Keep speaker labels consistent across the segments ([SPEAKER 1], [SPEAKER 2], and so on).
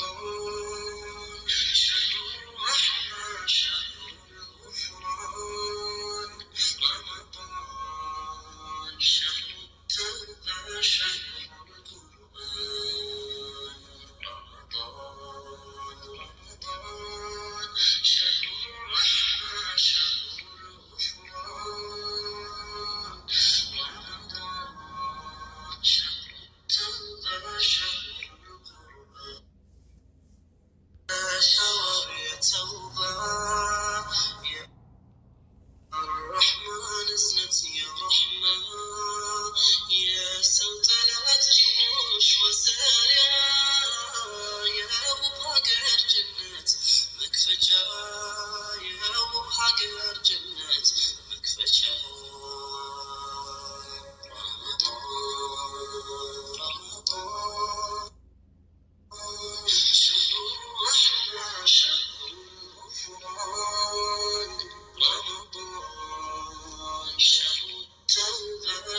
[SPEAKER 1] Oh.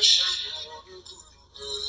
[SPEAKER 1] 是我们不能。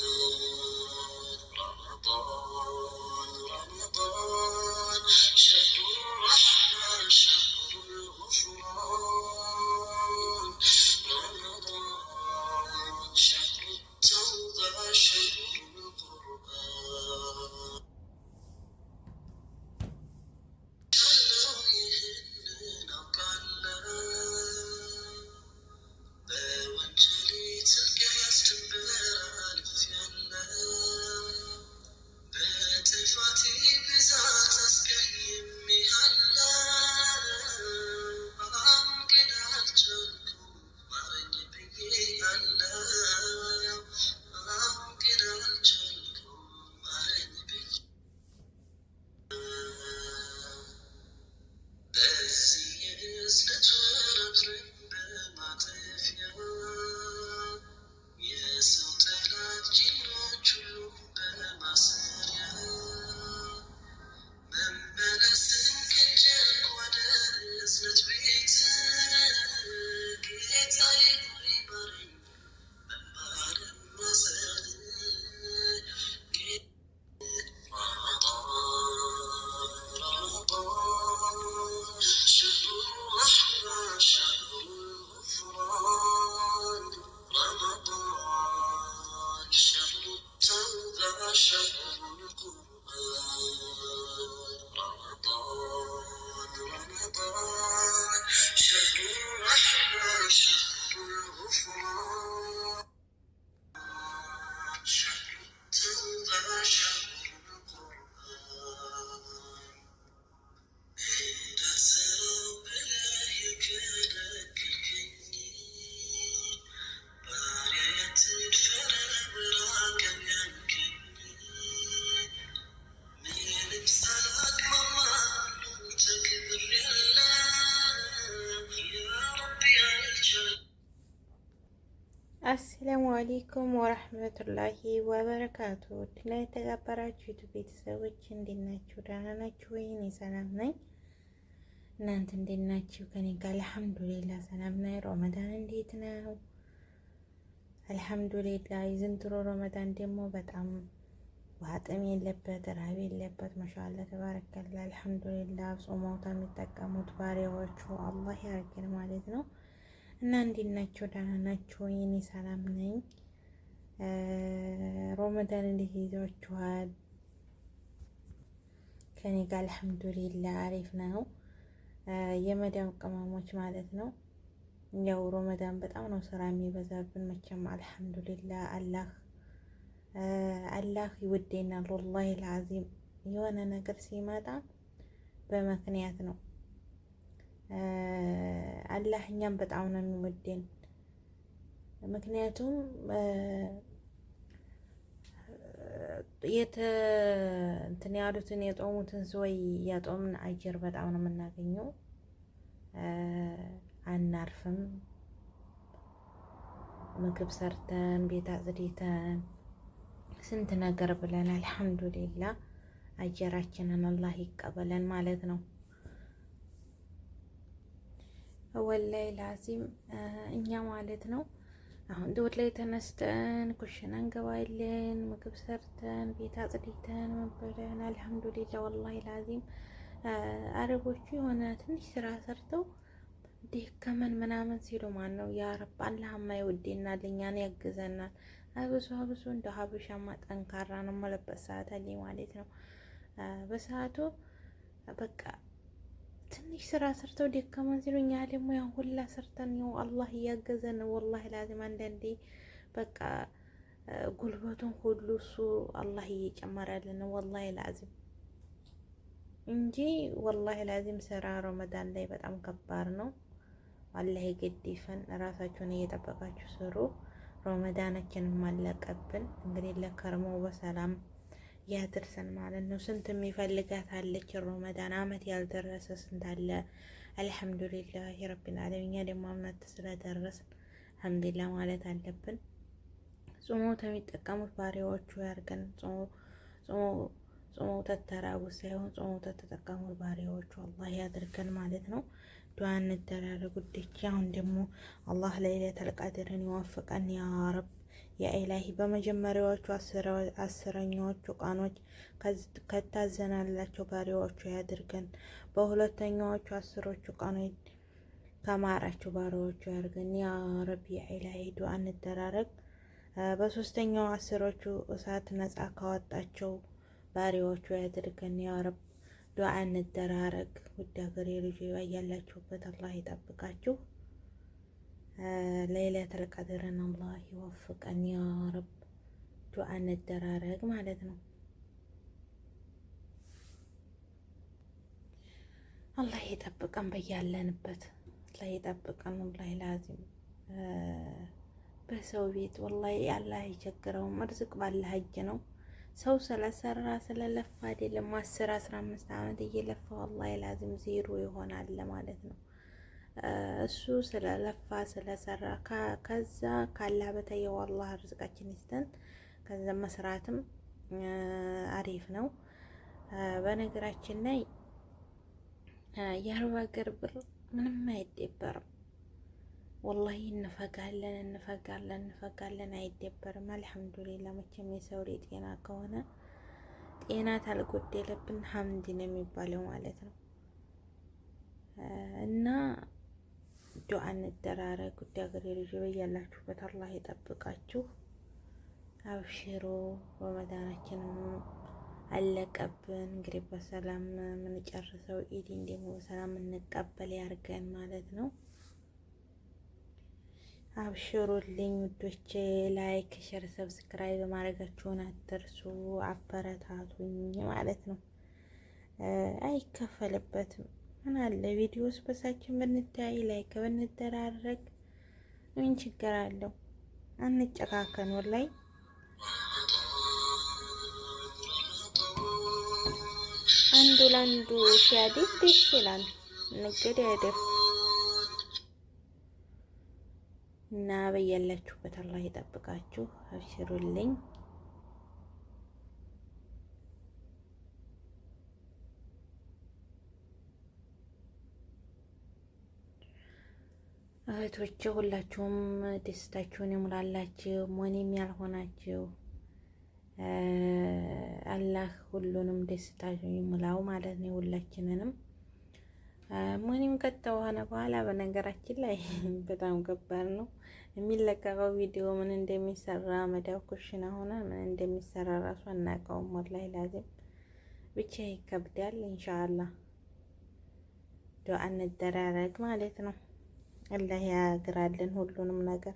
[SPEAKER 2] አሰላሙ አሌይኩም ወረህመቱላሂ ወበረካቱ ድና የተጋበራችሁ ዩቱብ ቤተሰቦች እንዴት ናችሁ? ደህና ናችሁ ወይን? ሰላም ነኝ። እናንተ እንዴት ናችሁ? ከኔ ጋር አልሐምዱሊላ ሰላም ነው። ሮመዳን እንዴት ነው? አልሐምዱሊላ የዘንድሮ ሮመዳን ደግሞ በጣም ዋጥም የለበት ራብ የለበት። ማሻአላ ተባረከላ አልሐምዱሊላ። ጾሞታ የሚጠቀሙት ባሪያዎቹ አላህ ያርገን ማለት ነው። እና እንዴት ናችሁ? ደህና ናችሁ? የኔ ሰላም ነኝ። ሮመዳን እንዴት ይዟችኋል? ከኔ ጋር አልሐምዱሊላ አሪፍ ነው። የመዳም ቅመሞች ማለት ነው። ያው ሮመዳን በጣም ነው ስራ የሚበዛብን መቼም። አልሐምዱሊላ አላህ አላህ ይወደናል። ወላሂ ልዓዚም የሆነ ነገር ሲመጣ በምክንያት ነው። አላህ እኛም በጣም ነው የሚወደን ምክንያቱም እንትን ያሉትን የጦሙትን ሰወይ ያጦምን አየር በጣም ነው የምናገኘው። አናርፍም። ምግብ ሰርተን ቤት አጽድተን ስንት ነገር ብለን አልሐምዱሊላ አየራችንን አላህ ይቀበለን ማለት ነው። ወላይ ላዚም እኛ ማለት ነው አሁን ድውድ ላይ ተነስተን ኩሽና እንገባለን። ምግብ ሰርተን ቤት አጽድተን መበለን። አልሐምዱሊላ ወላሂ ላዚም አረቦቹ የሆነ ትንሽ ስራ ሰርተው ደከመን ምናምን ሲሉ ማን ነው ያረብ አላህ የማይወዴና ለእኛን ያግዘናል። አብሶ አብሶ እንደ ሀበሻማ ጠንካራ ነው መለበት ሰዓት አለኝ ማለት ነው በሰዓቱ በቃ ትንሽ ስራ ሰርተው ደከመን ሲሉ እኛ ደግሞ ያን ሁላ ሰርተን ነው አላህ እያገዘን ወላሂ ላዚም አንዳንዴ በቃ ጉልበቱን ሁሉ እሱ አላህ እየጨመረልን ወላሂ ላዚም እንጂ ወላሂ ላዚም ስራ ረመዳን ላይ በጣም ከባድ ነው። አላህ የገዲፈን። ራሳችሁን እየጠበቃችሁ ስሩ። ረመዳናችንም አለቀብን እንግዲህ ለከርሞ በሰላም ያድርሰን ማለት ነው። ስንት የሚፈልጋት አለች ረመዳን አመት ያልደረሰ ስንት አለ። አልሐምዱሊላህ ረቢል ዓለሚን እኛ ደግሞ አመት ስለደረስ አልሐምዱሊላህ ማለት አለብን። ጽሞ ከሚጠቀሙት ባሪያዎቹ ያርገን። ጽሞ ተተራቡ ሳይሆን ጽሞ ተተጠቀሙት ባሪያዎቹ አላህ ያድርገን ማለት ነው። ዱዓ እንደራረጉ ድቻ አሁን ደግሞ አላህ ለይለተል ቀድርን ይወፍቀን ያ ረብ የኢላሂ በመጀመሪያዎቹ አስረኛዎቹ ቀኖች ከታዘናላቸው ባሪያዎቹ ያድርገን። በሁለተኛዎቹ አስሮቹ ቀኖች ከማራቸው ባሪያዎቹ ያድርገን። ያ የኢላሂ ዱዓ እንደራረግ። በሶስተኛው አስሮቹ እሳት ነጻ ካወጣቸው ባሪያዎቹ ያድርገን። ያ ረብ እንደራረግ። ውድ ሀገሬ ልጅ ያላችሁበት አላህ ይጠብቃችሁ። ለይለተል ቀድርን አላህ ይወፍቀን ያ ረብ። ዱዓ እንደራረግ ማለት ነው። አላህ ይጠብቀን በያለንበት፣ አላህ ይጠብቀን። ወላሂ ላዚም በሰው ቤት ወላሂ አላህ አይቸግረውም። እርዝቅ ባላህ እጅ ነው። ሰው ስለሰራ ስለለፋ አይደለም አስር አስራ አምስት ዓመት እየለፋ ወላሂ ላዚም ዜሮ ይሆናል ማለት ነው። እሱ ስለለፋ ስለሰራ ከዛ ካላበተ የዋላህ ርዝቃችን ይስጠን። ከዛ መስራትም አሪፍ ነው። በነገራችን ላይ የአረብ ሀገር ብር ምንም አይደበርም። ወላሂ እንፈጋለን እንፈጋለን እንፈጋለን፣ አይደበርም። አልሐምዱሊላ መቼም የሰው ጤና ከሆነ ጤና ታልጎደለብን ሀምድ ነው የሚባለው ማለት ነው እና ዱዓ እንደራረግ። ውድ ሀገሬ ልጅ በያላችሁበት አላህ ይጠብቃችሁ። አብሽሮ ረመዳናችን አለቀብን። እንግዲህ በሰላም የምንጨርሰው ኢድን ደግሞ በሰላም እንቀበል ያርገን ማለት ነው። አብሽሩልኝ ውዶቼ፣ ላይክ፣ ሸር፣ ሰብስክራይብ ማድረጋችሁን አትርሱ። አበረታቱኝ ማለት ነው። አይከፈልበትም። ምን አለ ቪዲዮስ በሳችን ብንታይ ላይክ ብንደራረግ ምን ችግር አለው? አንጨካከን ወላይ አንዱ ለአንዱ ሲያድግ ደስ ይላል። ንግድ ያደፍ እና በያላችሁበት አላህ ይጠብቃችሁ። አብሽሩልኝ። እህቶች ሁላችሁም ደስታችሁን ይሙላላችሁ። ሞኒም ያልሆናችሁ አላህ ሁሉንም ደስታ ይሙላው ማለት ነው ሁላችንንም። ሞኒም ከተሆነ በኋላ በነገራችን ላይ በጣም ከባድ ነው የሚለቀቀው ቪዲዮ ምን እንደሚሰራ መዳብ ኩሽና ሆነ ምን እንደሚሰራ ራሱ አናውቀውም። ወላሂ ላዚም ብቻ ይከብዳል። ኢንሻአላህ ዱአ እንደራረግ ማለት ነው። አላህ ያግራልን ሁሉንም ነገር።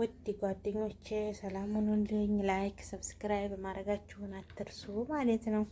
[SPEAKER 2] ውድ ጓደኞቼ ሰላም ሁኑልኝ። ላይክ ሰብስክራይብ ማድረጋችሁን አትርሱ ማለት ነው።